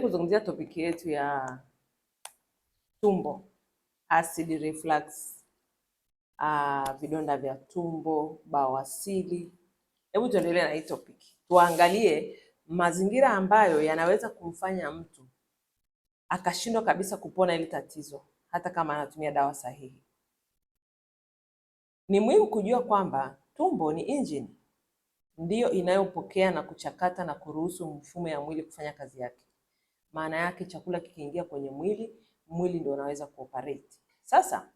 Kuzungumzia topiki yetu ya tumbo, acid reflux, uh, vidonda vya tumbo, bawasili Hebu tuendelee na hii topic, tuangalie mazingira ambayo yanaweza kumfanya mtu akashindwa kabisa kupona ili tatizo, hata kama anatumia dawa sahihi. Ni muhimu kujua kwamba tumbo ni injini, ndiyo inayopokea na kuchakata na kuruhusu mfumo ya mwili kufanya kazi yake. Maana yake chakula kikiingia kwenye mwili, mwili ndio unaweza kuoperate. Sasa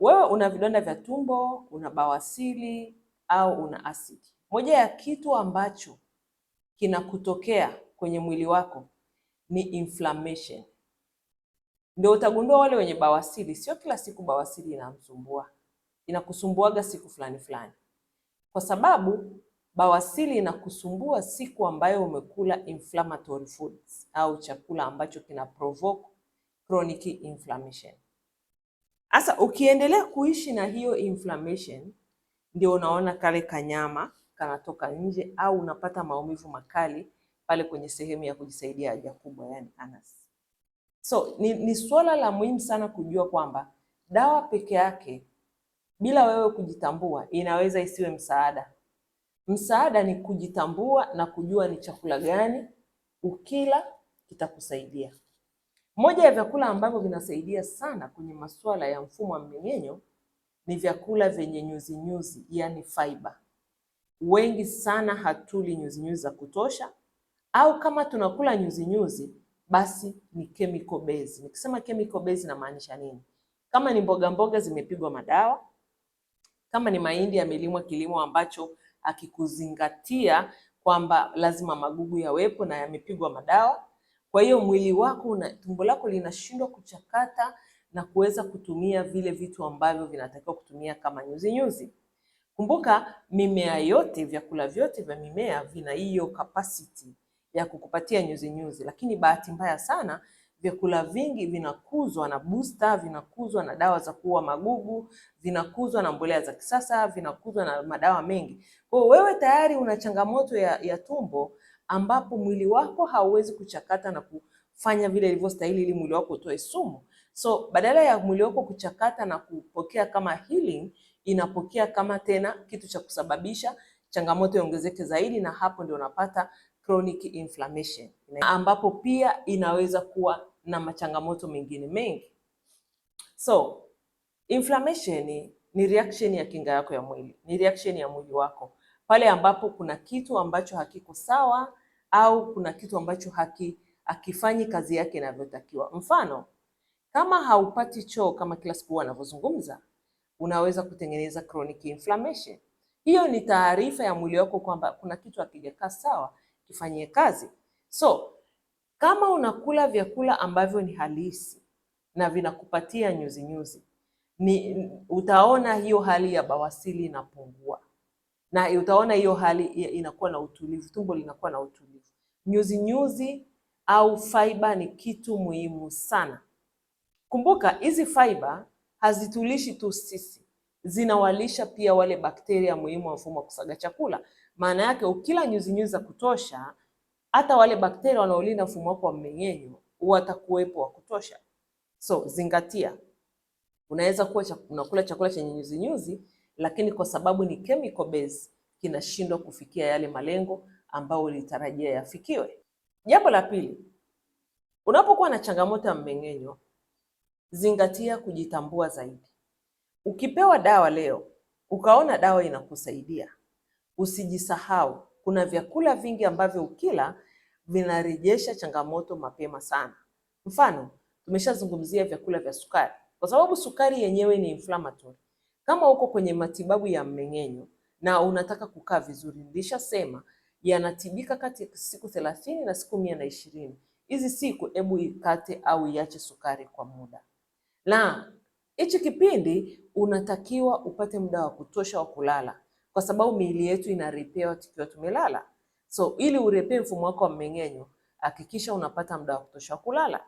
wewe una vidonda vya tumbo, una bawasili au una asidi, moja ya kitu ambacho kinakutokea kwenye mwili wako ni inflammation. Ndio utagundua wale wenye bawasili, sio kila siku bawasili inamsumbua, inakusumbuaga siku fulani fulani, kwa sababu bawasili inakusumbua siku ambayo umekula inflammatory foods au chakula ambacho kina provoke chronic inflammation. Sasa ukiendelea kuishi na hiyo inflammation, ndio unaona kale kanyama kanatoka nje au unapata maumivu makali pale kwenye sehemu ya kujisaidia haja kubwa, yani anus. So ni, ni suala la muhimu sana kujua kwamba dawa peke yake bila wewe kujitambua inaweza isiwe msaada Msaada ni kujitambua na kujua ni chakula gani ukila kitakusaidia. Moja ya vyakula ambavyo vinasaidia sana kwenye masuala ya mfumo wa mmeng'enyo ni vyakula vyenye nyuzi nyuzi, yani fiber. Wengi sana hatuli nyuzi nyuzi za kutosha, au kama tunakula nyuzi nyuzi basi ni chemical base. Nikisema chemical based namaanisha nini? Kama ni mboga mboga zimepigwa madawa, kama ni mahindi yamelimwa kilimo ambacho akikuzingatia kwamba lazima magugu yawepo na yamepigwa madawa. Kwa hiyo mwili wako una, tumbo lako linashindwa kuchakata na kuweza kutumia vile vitu ambavyo vinatakiwa kutumia kama nyuzi nyuzi. Kumbuka mimea yote, vyakula vyote vya mimea vina hiyo capacity ya kukupatia nyuzi nyuzi, lakini bahati mbaya sana Vyakula vingi vinakuzwa na booster, vinakuzwa na dawa za kuua magugu, vinakuzwa na mbolea za kisasa, vinakuzwa na madawa mengi. Kwa hiyo wewe tayari una changamoto ya, ya tumbo ambapo mwili wako hauwezi kuchakata na kufanya vile ilivyostahili ili mwili wako utoe sumu. So badala ya mwili wako kuchakata na kupokea kama healing, inapokea kama tena kitu cha kusababisha changamoto iongezeke zaidi, na hapo ndio unapata chronic inflammation ambapo pia inaweza kuwa na machangamoto mengine mengi. So inflammation ni, reaction ya kinga yako ya mwili, ni reaction ya mwili wako pale ambapo kuna kitu ambacho hakiko sawa au kuna kitu ambacho haki akifanyi kazi yake inavyotakiwa. Mfano, kama haupati choo kama kila siku wanavyozungumza, unaweza kutengeneza chronic inflammation. Hiyo ni taarifa ya mwili wako kwamba kuna kitu hakijakaa sawa, kifanyie kazi. So kama unakula vyakula ambavyo ni halisi na vinakupatia nyuzi nyuzi, ni utaona hiyo hali ya bawasili inapungua, na utaona hiyo hali inakuwa na utulivu, tumbo linakuwa na utulivu. Nyuzi nyuzi au fiber ni kitu muhimu sana. Kumbuka hizi fiber hazitulishi tu sisi, zinawalisha pia wale bakteria muhimu wa mfumo wa kusaga chakula. Maana yake ukila nyuzinyuzi za kutosha hata wale bakteria wanaolinda mfumo wako wa mmeng'enyo watakuwepo wa kutosha. So zingatia, unaweza kuwa unakula chakula chenye nyuzi nyuzi, lakini kwa sababu ni chemical base kinashindwa kufikia yale malengo ambayo ulitarajia yafikiwe. Jambo la pili, unapokuwa na changamoto ya mmeng'enyo, zingatia kujitambua zaidi. Ukipewa dawa leo ukaona dawa inakusaidia, usijisahau kuna vyakula vingi ambavyo ukila vinarejesha changamoto mapema sana. Mfano, tumeshazungumzia vyakula vya sukari, kwa sababu sukari yenyewe ni inflammatory. Kama uko kwenye matibabu ya mmeng'enyo na unataka kukaa vizuri, nilishasema yanatibika kati ya siku thelathini na siku mia na ishirini. Hizi siku hebu ikate au iache sukari kwa muda. Na hichi kipindi unatakiwa upate muda wa kutosha wa kulala kwa sababu miili yetu inarepewa tukiwa tumelala. So ili urepee mfumo wako wa mmeng'enyo, hakikisha unapata muda wa kutosha kulala,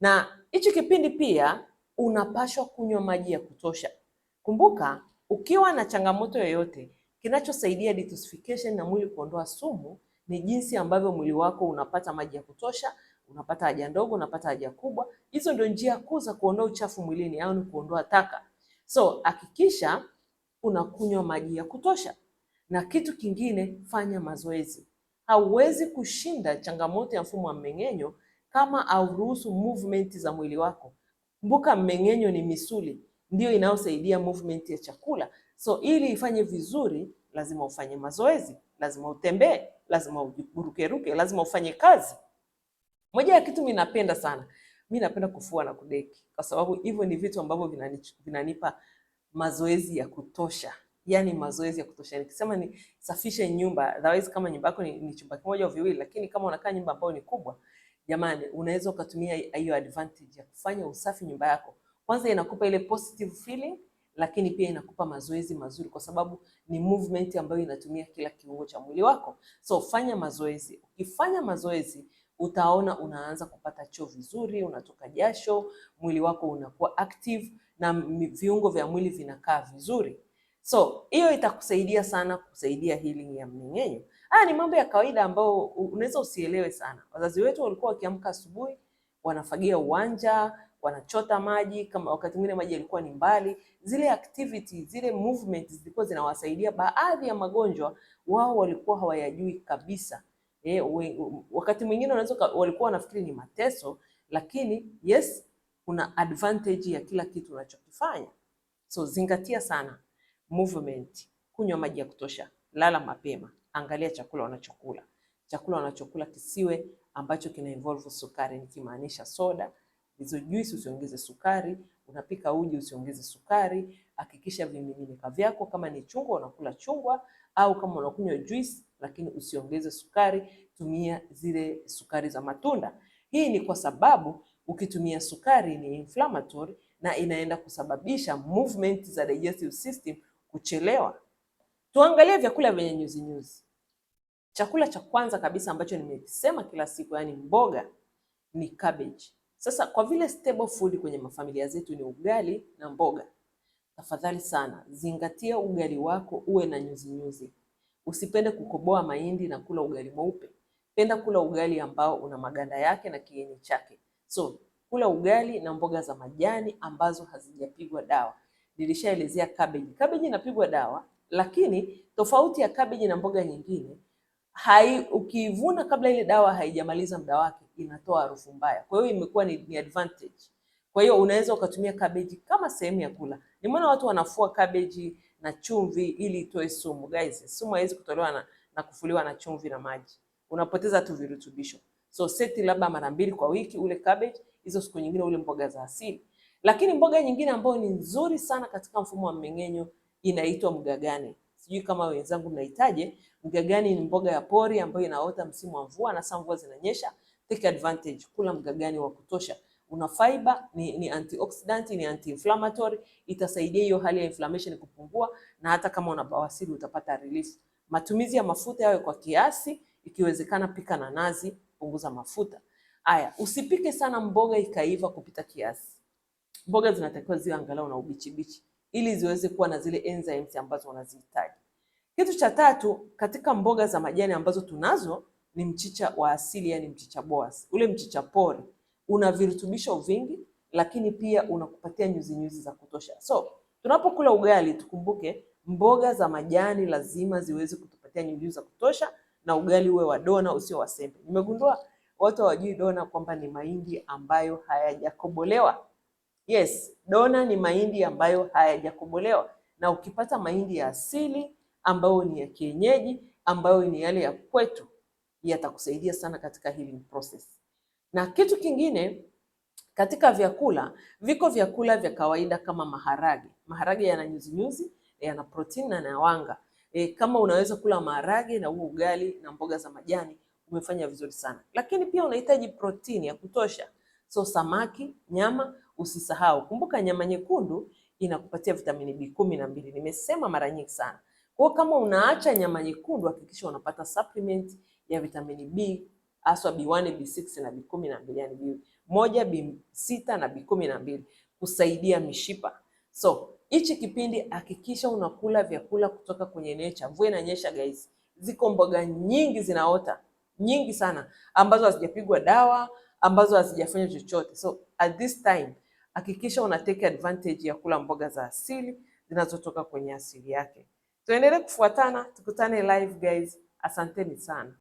na hichi kipindi pia unapashwa kunywa maji ya kutosha. Kumbuka, ukiwa na changamoto yoyote, kinachosaidia detoxification na mwili kuondoa sumu ni jinsi ambavyo mwili wako unapata maji ya kutosha, unapata haja ndogo, unapata haja kubwa. Hizo ndio njia kuu za kuondoa uchafu mwilini, au ni kuondoa taka. So hakikisha unakunywa maji ya kutosha. Na kitu kingine, fanya mazoezi. Hauwezi kushinda changamoto ya mfumo wa mmeng'enyo kama hauruhusu movement za mwili wako. Kumbuka, mmeng'enyo ni misuli, ndiyo inayosaidia movement ya chakula. So ili ifanye vizuri, lazima ufanye mazoezi, lazima utembee, lazima urukeruke, lazima ufanye kazi. Moja ya kitu minapenda sana, mi napenda kufua na kudeki, kwa sababu hivyo ni vitu ambavyo vinanipa mazoezi ya kutosha. Yani mm. mazoezi ya kutosha, nikisema ni safishe nyumba, otherwise kama nyumba yako ni, ni chumba kimoja au viwili, lakini kama unakaa nyumba ambayo ni kubwa, jamani, unaweza ukatumia hiyo advantage ya kufanya usafi nyumba yako. Kwanza inakupa ile positive feeling, lakini pia inakupa mazoezi mazuri, kwa sababu ni movement ambayo inatumia kila kiungo cha mwili wako. So fanya mazoezi, ukifanya mazoezi utaona unaanza kupata choo vizuri, unatoka jasho, mwili wako unakuwa active na viungo vya mwili vinakaa vizuri. So hiyo itakusaidia sana kusaidia healing ya mmeng'enyo. Haya ni mambo ya kawaida ambayo unaweza usielewe sana. Wazazi wetu walikuwa wakiamka asubuhi, wanafagia uwanja, wanachota maji, kama wakati mwingine maji yalikuwa ni mbali. Zile activity, zile movement zilikuwa zinawasaidia. Baadhi ya magonjwa wao walikuwa hawayajui kabisa eh, wakati mwingine unaweza walikuwa wanafikiri ni mateso, lakini yes, kuna advantage ya kila kitu unachokifanya. So zingatia sana movement, kunywa maji ya kutosha, lala mapema, angalia chakula unachokula. Chakula unachokula kisiwe ambacho kina involve sukari, nikimaanisha soda, hizo juisi usiongeze sukari, unapika uji usiongeze sukari. Hakikisha vimiminika vyako, kama ni chungwa unakula chungwa, au kama unakunywa juisi lakini usiongeze sukari, tumia zile sukari za matunda. Hii ni kwa sababu ukitumia sukari ni inflammatory na inaenda kusababisha movement za digestive system kuchelewa. Tuangalie vyakula vyenye nyuzi nyuzi. Chakula cha kwanza kabisa ambacho nimesema kila siku, yaani mboga, ni cabbage. Sasa kwa vile stable food kwenye mafamilia zetu ni ugali na mboga, tafadhali sana zingatia ugali wako uwe na nyuzi nyuzi. Usipende kukoboa mahindi na kula ugali mweupe. Penda kula ugali ambao una maganda yake na kiini chake. So kula ugali na mboga za majani ambazo hazijapigwa dawa. Nilishaelezea kabeji. Kabeji inapigwa dawa, lakini tofauti ya kabeji na mboga nyingine hai, ukiivuna kabla ile dawa haijamaliza muda wake inatoa harufu mbaya. Kwa hiyo imekuwa ni, ni advantage. Kwa hiyo unaweza ukatumia kabeji kama sehemu ya kula. ni maana watu wanafua kabeji na chumvi ili itoe sumu. Guys, sumu haiwezi kutolewa na, na kufuliwa na chumvi na maji, unapoteza tu virutubisho. So seti labda mara mbili kwa wiki ule cabbage, hizo siku nyingine ule mboga za asili. Lakini mboga nyingine ambayo ni nzuri sana katika mfumo wa mmeng'enyo inaitwa mgagani. Sijui kama wenzangu mnahitaje. Mgagani ni mboga ya pori ambayo inaota msimu wa mvua na sasa mvua zinanyesha. Take advantage, kula mgagani wa kutosha una fiber, ni, ni antioxidant, ni anti-inflammatory, itasaidia hiyo hali ya inflammation kupungua, na hata kama una bawasiri utapata relief. Matumizi ya mafuta yawe kwa kiasi, ikiwezekana pika na nazi, punguza mafuta. Aya, usipike sana mboga ikaiva kupita kiasi. Mboga zinatakiwa ziwe angalau na ubichi bichi ili ziweze kuwa na zile enzymes ambazo unazihitaji. Kitu cha tatu katika mboga za majani ambazo tunazo ni mchicha wa asili, yani mchicha boas, ule mchicha pori una virutubisho vingi, lakini pia unakupatia nyuzi nyuzi za kutosha. So tunapokula ugali tukumbuke, mboga za majani lazima ziweze kutupatia nyuzi nyuzi za kutosha, na ugali uwe wa dona, usio wa sembe. Nimegundua watu hawajui dona kwamba ni mahindi ambayo hayajakobolewa. Yes, dona ni mahindi ambayo hayajakobolewa, na ukipata mahindi ya asili ambayo ni ya kienyeji ambayo ni yale ya kwetu, yatakusaidia sana katika healing process. Na kitu kingine katika vyakula, viko vyakula vya kawaida kama maharage. Maharage yana nyuzinyuzi, yana protini na yana wanga. E, kama unaweza kula maharage na huo ugali na mboga za majani umefanya vizuri sana, lakini pia unahitaji protini ya kutosha, so samaki, nyama usisahau. Kumbuka nyama nyekundu inakupatia vitamini B kumi na mbili, nimesema mara nyingi sana. Kwa kama unaacha nyama nyekundu, hakikisha unapata supplement ya vitamini B haswa B1, B6 na B12 yani B1, B6 na B12 kusaidia mishipa. So hichi kipindi hakikisha unakula vyakula kutoka kwenye nature. Mvua inanyesha guys, ziko mboga nyingi zinaota nyingi sana ambazo hazijapigwa dawa ambazo hazijafanya chochote. So at this time hakikisha una take advantage ya kula mboga za asili zinazotoka kwenye asili yake. Tuendelee kufuatana, tukutane live guys. Asanteni sana.